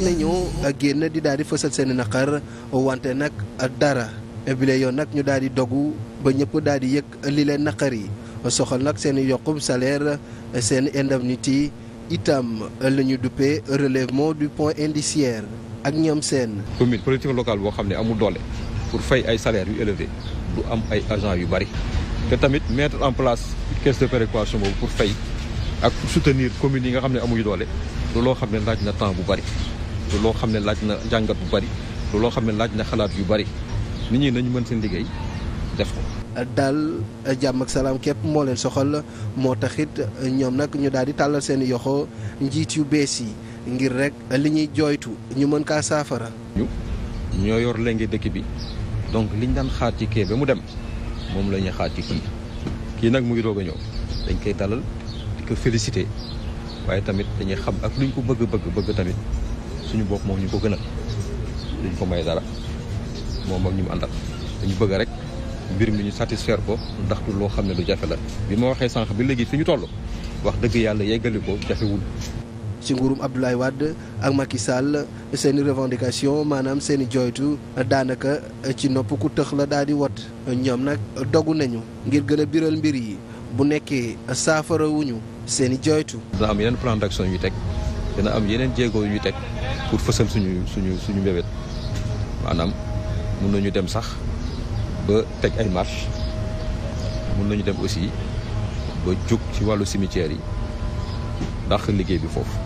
nañoo génn di daal di fësal seen naqar wante nag dara bile yoon nag ñu daal di dogu ba ñëpp daal di yëg li leen naqar yi soxal nag seen yokkum salaire seen indemnité itam la ñu duppee relèvement du point indiciaire ak ñoom seen. commune politique locale boo xam ne amul doole pour fay ay salaires yu élevé du am ay agent yu bari te tamit mettre en place caisse de péréquation boobu pour fay ak pour soutenir communes yi nga xam ne amuñu doole looloo xam ne laaj na temps bu bari. du loo xam ne laaj na jàngat bu bari du loo xam ne laaj na xalaat yu bari nit ñi nañu mën seen liggéey def ko. daal jàmm ak salaam képp moo leen soxal moo taxit ñoom nag ñu daal di tàllal seen yoxo njiit yu bees yi ngir rek li ñuy jooytu ñu mën kaa saafara. ñu ñoo yor lenge dëkk bi donc liñ daan xaar ci kee ba mu dem moom la ñuy xaar ci kii kii nag muy doog a ñëw dañ koy dalal di ko féliciter waaye tamit dañuy xam ak luñ ko bëgg bëgg bëgg tamit suñu bopp moom ñu ko gënal duñ ko may dara moom ak ñu mu àndal dañu bëgga rek mbir mi ñu satisfaire ko ndax loo xam ne du jafe la bi ma waxee sànq bi léegi fi ñu toll wax dëgg yàlla yeggali ko jafewul. ci nguurum Abdoulaye wàdd ak Macky Sall seen i revendication maanaam seen i jooytu daanaka ci nopp ku tëx la daal di wat ñoom nag dogu nañu ngir gën a biral mbir yi bu nekkee saafara wuñu seen i jooytu. dina am yeneen plan d'action yu teg. dina am yeneen jéego yu ñu teg pour fësal suñu suñu suñu mbébét maanaam mun nañu dem sax ba teg ay marche mun nañu dem aussi ba jug ci wàllu cimetière yi ndax liggéey bi foofu